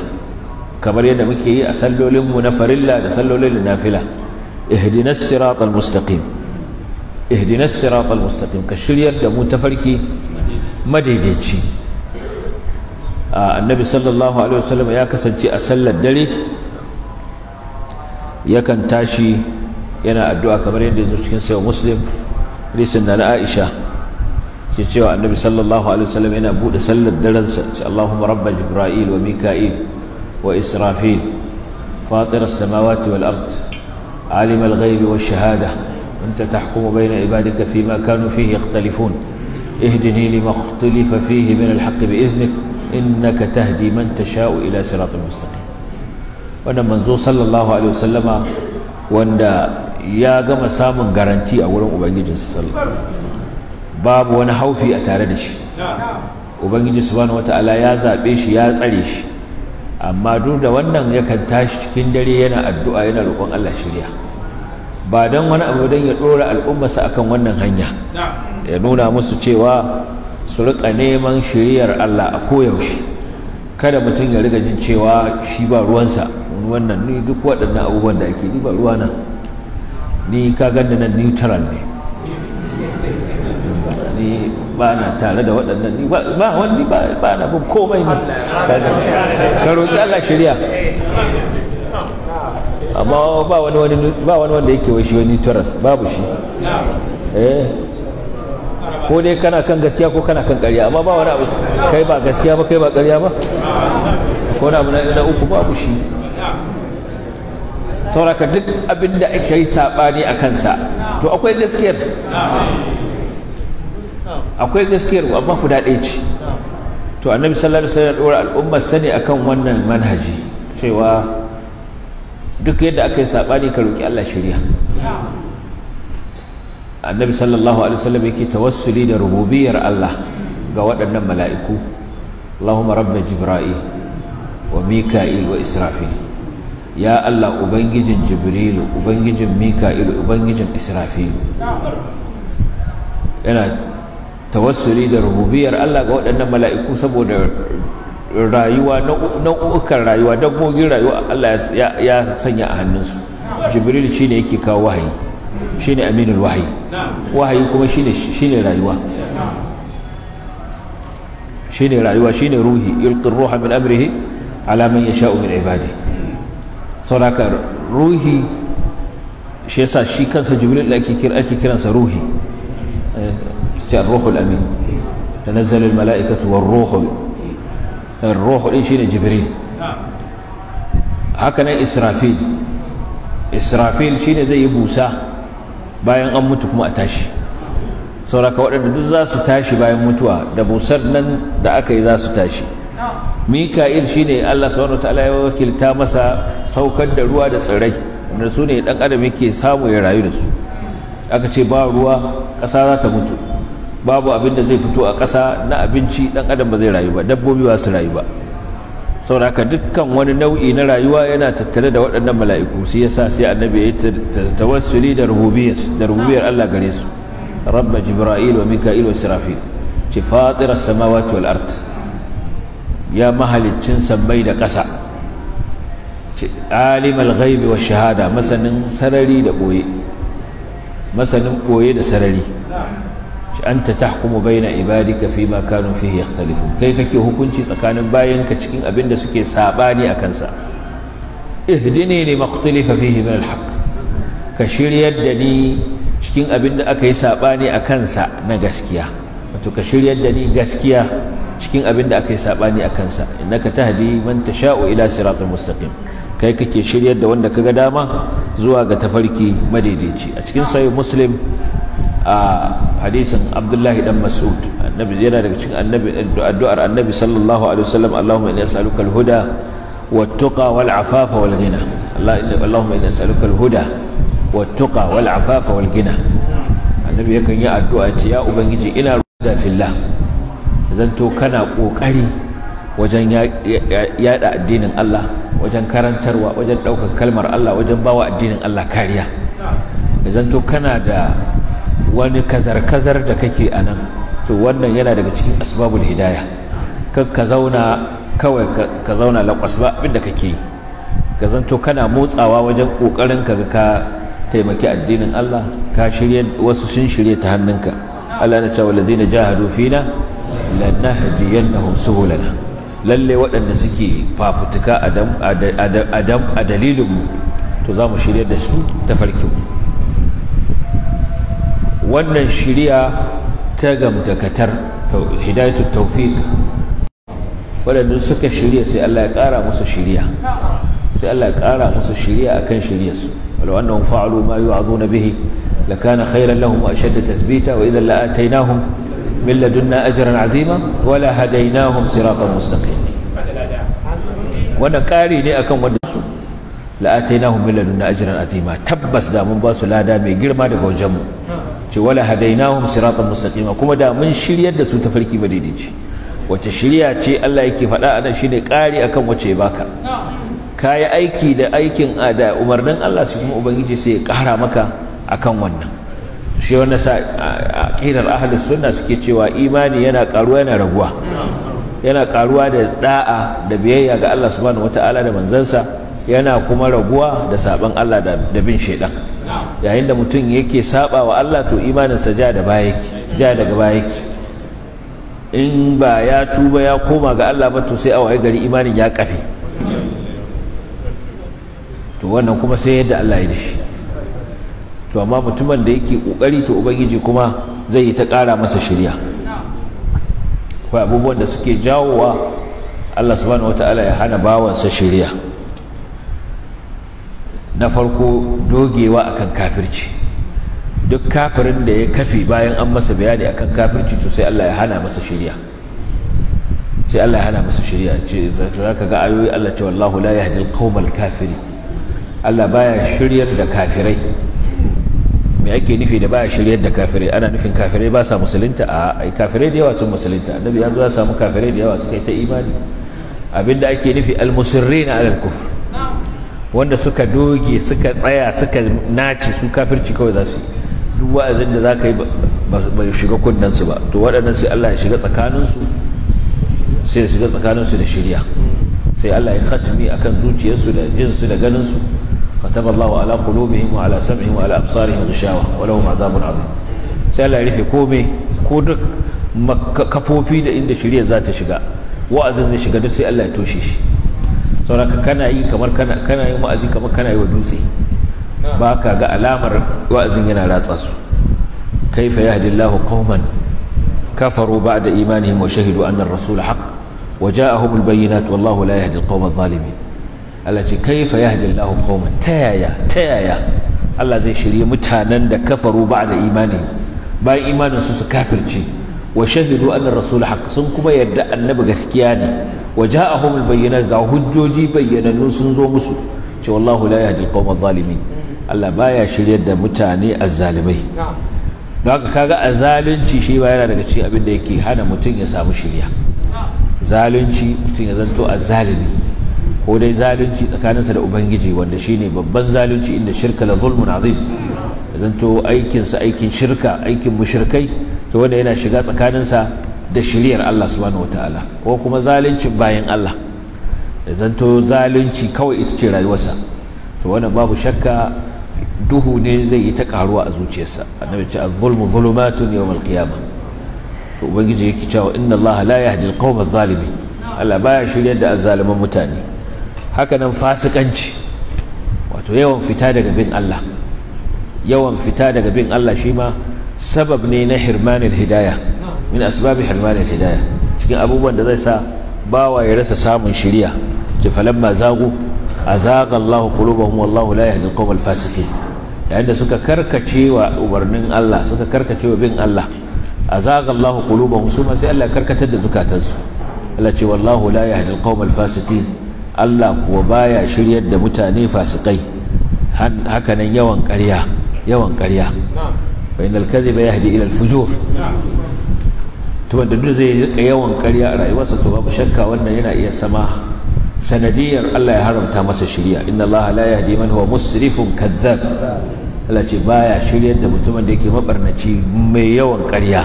kamar yadda muke yi a sallolinmu na farilla da sallolin nafila ihdinas siratal mustaqim ihdinas siratal mustaqim ka shiryar da mu tafarki madaidaici annabi sallallahu alaihi wasallam ya kasance a sallar dare yakan tashi yana addu'a kamar yadda ya zo cikin sayo muslim hadisin na Aisha ke cewa annabi sallallahu alaihi wasallam yana buɗe sallar darensa ce Allahumma rabba jibra'il wa mika'il wa israfil fatir as-samawati wal ard alim al-ghaibi wash shahada anta tahkumu bayna ibadika fima kanu fihi yakhtalifun اهدني لما اختلف فيه من الحق بإذنك إنك تهدي من تشاء إلى صراط مستقيم wannan manzo sallallahu alaihi wasallama wanda ya gama samun garanti a wurin ubangijinsa sallallahu babu wani haufi a tare da shi ubangiji subhanahu wata'ala ya zaɓe shi ya tsare shi amma duk da wannan yakan tashi cikin dare yana addu'a yana roƙon Allah shirya ba dan wani abu dan ya ɗora al'ummarsa akan wannan hanya ya nuna musu cewa su rika neman shiriyar Allah a koyaushe kada mutum ya riga jin cewa shi ba ruwansa wannan ni duk waɗannan abubuwan da ake ni ba ruwana ni ka ganda nan neutral ne ni ba na tare da waɗannan ni ba wani ba na bin komai ne ka roƙi ala shirya amma ba wani wanda yake wa shi wani turar babu shi eh ko dai kana kan gaskiya ko kana kan ƙarya amma ba wani abu kai ba gaskiya ba kai ba ƙarya ba ko na abu na uku babu shi sauraka duk abin da ake yi saɓani a kansa to akwai gaskiyar akwai gaskiyar amma guda ɗaya ce to annabi sallallahu alaihi wasallam dora al'ummar sani akan wannan manhaji cewa duk yadda aka yi sabani ka roki Allah shirya annabi sallallahu alaihi wasallam yake tawassuli da rububiyar Allah ga waɗannan mala'iku Allahumma rabba jibril wa mika'il wa israfil ya Allah ubangijin jibril ubangijin mika'il ubangijin israfil yana tawassuli da rububiyar Allah ga waɗannan mala'iku saboda rayuwa nau'ukan rayuwa dabbobin rayuwa Allah ya sanya a hannunsu jibril ne yake kawo wahayi shi ne aminul wahayi wahayi kuma shi ne rayuwa shine rayuwa shine ruhi yulqir ruha min amrihi ala ya yasha'u min ibadi saurakar ruhi shi yasa shi kansa jibril da ake kiransa ruhi sai ruhul amin tanazzalu al mala'ikatu war ruhu ruhu shine jibril haka israfil shine zai yi busa bayan an mutu kuma a tashi sauraka waɗanda duk za su tashi bayan mutuwa da busar nan da aka yi za su tashi mika'il shine allah subhanahu wa ta'ala ya wakilta masa saukar da ruwa da tsirrai da su ne ɗan adam yake samu ya rayu da su aka ce ba ruwa ƙasa za ta mutu babu abin da zai fito a ƙasa na abinci ɗan adam ba zai rayu ba dabbobi ba su rayu ba sauraka dukkan wani nau'i na rayuwa yana tattare da waɗannan mala'iku sai yasa sai annabi ya tawassuli da rububiyar da Allah gare su rabba jibrail wa mika'il wa sirafil ci fatira samawati wal ard ya mahaliccin sammai da ƙasa ci alimal wa shahada masanin sarari da masanin boye da sarari anta tahkumu baina ibadika fima kanu fihi yakhtalifun kai kake hukunci tsakanin bayanka cikin abin da suke sabani a kansa ihdini li maqtilifa fihi min alhaq ka shiryar da ni cikin abin da aka yi sabani a kansa na gaskiya wato ka shiryar da ni gaskiya cikin abin da aka yi sabani a kansa innaka tahdi man tasha'u ila siratal mustaqim kai kake shiryar da wanda kaga dama zuwa ga tafarki madaidaici a cikin sahih muslim a hadisin abdullahi dan mas'ud annabi yana daga cikin annabi addu'ar annabi sallallahu alaihi wasallam allahumma inni as'aluka al-huda والتقى والعفاف والغنى اللهم إنا نسألك الهدى والتقى والعفاف والغنى النبي يكن يا الدعاء يا أبنجي إنا الهدى في الله zanto kana ƙoƙari wajen yada addinin Allah wajen karantarwa wajen ɗaukar kalmar Allah wajen bawa addinin Allah kariya zanto kana da wani kazar-kazar da kake a nan to wannan yana daga cikin asbabul hidaya kan ka zauna kawai ka zauna lakwas ba abin da kake yi ka zanto kana motsawa wajen ƙoƙarin ka ka taimaki addinin Allah ka shirye wasu sun shirye ta hannunka Allah na cewa ladina jahadu fina lanahdiyannahum suhulana lalle waɗanda suke fafutuka a dalilin mu to za mu shirye da su ta farkin mu wannan shirya ta gamdakatar hidayatu tawfiq waɗanda suka shirya sai Allah ya ƙara musu shirya sai Allah ya ƙara musu shirya akan shiryarsu walau annahum fa'alu ma yu'azuna bihi lakana khairan lahum wa ashadda tathbita wa idan la'atainahum min ladunna ajran 'azima wa la hadainahum siratan mustaqim wannan kari ne akan wanda su la'atainahum min ladunna ajran 'azima tabbas da mun ba su lada mai girma daga wajen mu ce wala hadainahum siratan mustaqima kuma da mun shiryar da su tafarki ba daidaici wace shirya ce Allah yake faɗa a nan shine ƙari akan wace ya baka kayi aiki da aikin da umarnin Allah su kuma ubangiji sai ya ƙara maka akan wannan shi wannan sa aqidar ahlus sunna suke cewa imani yana ƙaruwa yana raguwa yana ƙaruwa da da'a da biyayya ga Allah subhanahu wataala da manzansa yana kuma raguwa da saban Allah da bin shaidan yayin da mutum yake saba wa Allah to imaninsa ja da baya yake ja daga baya yake in ba ya tuba ya koma ga Allah ba to sai a waye gari imanin ya kafe to wannan kuma sai yadda Allah ya da to amma mutumin da yake kokari to ubangiji kuma zai yi ta kara masa shirya akwai abubuwan da suke jawowa Allah subhanahu wataala ya hana bawansa shirya na farko dogewa akan kafirci duk kafirin da ya kafe bayan an masa bayani akan kafirci to sai Allah ya hana masa shari'a sai Allah ya hana masa shari'a ce ka ga ayoyi Allah ce wallahu la ya al-qawmal kafiri Allah baya shiryar da kafirai me ake nufi da baya shiryar da kafirai ana nufin kafirai ba sa musulunta a ai kafirai da yawa sun musulunta annabi ya zo ya samu kafirai da yawa suka yi ta imani abinda ake nufi al-musirrina ala al-kufr wanda suka doge suka tsaya suka nace su kafirci kawai za su duk wa'azin da za ka yi ba shiga kundansu ba to waɗannan sai Allah ya shiga tsakaninsu sai ya shiga tsakaninsu da shirya sai Allah ya khatmi akan zuciyarsu da jinsu da ganinsu ختم الله على قلوبهم وعلى سمعهم وعلى أبصارهم غشاوة ولهم عذاب عظيم sai Allah ya rufe komai ko duk kafofi da inda shirya za ta shiga wa'azin zai shiga duk sai Allah ya toshe shi sauraka kana yi kamar kana yin wa'azi kamar kana yi wa dutse ba ka ga alamar wa'azin yana ratsa su kaifa yahdillahu qauman kafaru da imanihim wa shahidu anna ar-rasul haqq wa ja'ahum al-bayyinat wallahu la yahdi al-qawma adh-dhalimin Allah ce kaifa yahdillahu qauman tayaya tayaya Allah zai shirye mutanen da kafaru da imanihim bayan imanin su su kafirce wa shahidu anna ar-rasul haqq sun kuma yadda annabi gaskiya ne wa a al-bayyinat ga hujjoji bayyanannu sun zo musu ce wallahu la yahdi al-qawma adh-dhalimin Allah baya shiryar da mutane azzalimai don haka kaga azalunci shi ba yana daga cikin abin da yake hana mutum ya samu shirya zalunci mutum ya zanto azzalimi ko dai zalunci tsakaninsa da ubangiji wanda shine babban zalunci inda shirka la zulmun azim ya zanto aikinsa aikin shirka aikin mushrikai to wanda yana shiga tsakaninsa da shiriyar Allah subhanahu wataala ko kuma zaluncin bayan Allah da zanto zalunci kawai ita ce rayuwarsa to wannan babu shakka duhu ne zai yi ta karuwa a zuciyarsa annabi ce az-zulmu zulumatun yawm al-qiyamah to ubangiji yake cewa inna Allah la yahdi al-qawma adh Allah baya shiryar da azzaliman mutane haka nan fasikanci wato yawan fita daga bin Allah yawan fita daga bin Allah shi ma sabab ne na hirmanil hidayah min asbabi hirmanil hidaya cikin abubuwan da zai sa bawa ya rasa samun shiriya ke falamma zagu azaqa Allahu qulubahum wallahu la yahdi al-qawm al-fasiqin yayin da suka karkace wa umarnin Allah suka karkace wa bin Allah azaqa Allahu qulubahum suma sai Allah karkatar da zukatansu Allah ce wallahu la yahdi al-qawm al-fasiqin Allah kuwa baya shiryar da mutane fasikai hakanan yawan ƙarya yawan ƙarya fa innal kadhiba yahdi ila al-fujur mutumin da duk zai rika yawan karya a rayuwarsa to babu shakka wannan yana iya sama sanadiyar Allah ya haramta masa shirya inna Allah la yahdi man huwa musrifun kadhab Allah ce baya shiryar da mutumin da yake mabarnaci mai yawan karya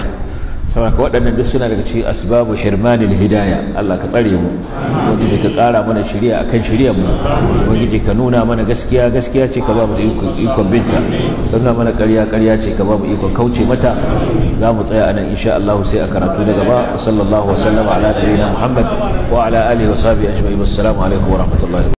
ka waɗannan duk suna daga cikin asbabu hirmanil hidaya Allah ka tsare mu ubangiji ka ƙara mana shari'a akan shari'ar mu ubangiji ka nuna mana gaskiya gaskiya ce ka ba mu ikon binta ka nuna mana ƙarya ƙarya ce ka ba mu ikon kauce mata za mu tsaya anan insha Allah sai a karatu da gaba sallallahu wa sallama ala nabiyina Muhammad wa ala alihi wa sahbihi ajma'in assalamu alaikum wa rahmatullahi